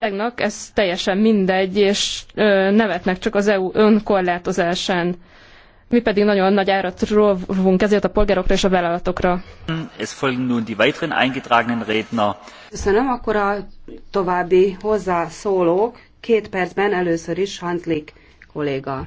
Bizottságnak ez teljesen mindegy, és nevetnek csak az EU önkorlátozásán. Mi pedig nagyon nagy árat rovunk ezért a polgárokra és a vállalatokra. Es folgen nun die weiteren eingetragenen Redner. Köszönöm, akkor a további hozzászólók két percben először is Hanslik kolléga.